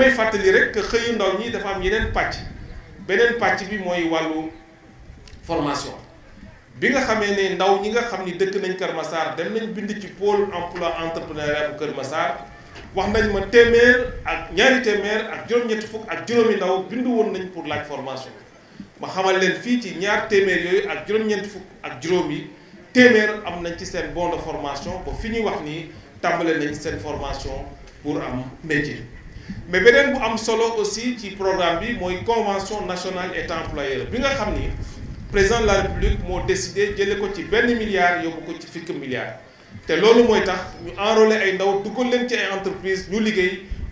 may fàttali rek que xëyu ndaw ñi dafa am yeneen pàcc beneen pàcc bi mooy wàllu formation bi nga xamee ne ndaw ñi nga xam ni dëkk nañ Kër Massar dem nañ bind ci pôle emploi entrepreneuriat bu Kër Massar wax nañ ma téeméer ak ñaari téeméer ak juróom ñett fukk ak juróomi ndaw bindu woon nañ pour laaj formation ma xamal leen fii ci ñaar téeméer yooyu ak juróom ñett fukk ak juróom yi téeméer am nañ ci seen bon de formation ba fi ñuy wax ni tàmbale nañ seen formation pour am métier mais il bu am solo aussi ci programme bi convention nationale et employeur bi nga président de la république a décidé de ko ci ben milliard yóbbu ko ci fik milliard tax ñu enrôler ay ndaw ci entreprise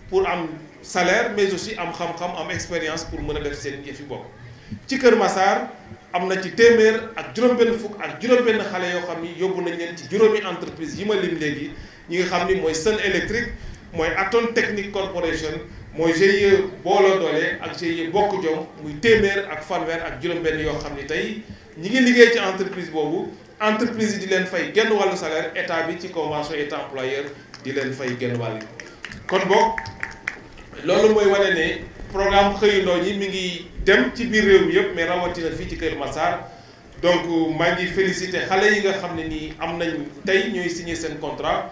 pour am salaire mais aussi am xam-xam expérience pour mëna def seen ci Kër Massar am ci ak ak entreprise lim Électrique mooy Atone Technique Corporation mooy GIE booloo ak e ak ak ñi ngi ci entreprise entreprise di fay genn salaire état bi ci convention état employeur di leen fay genn je kon programme mi ngi dem ci biir réew mi mais ci Massar donc maa félicité yi nga signé contrat.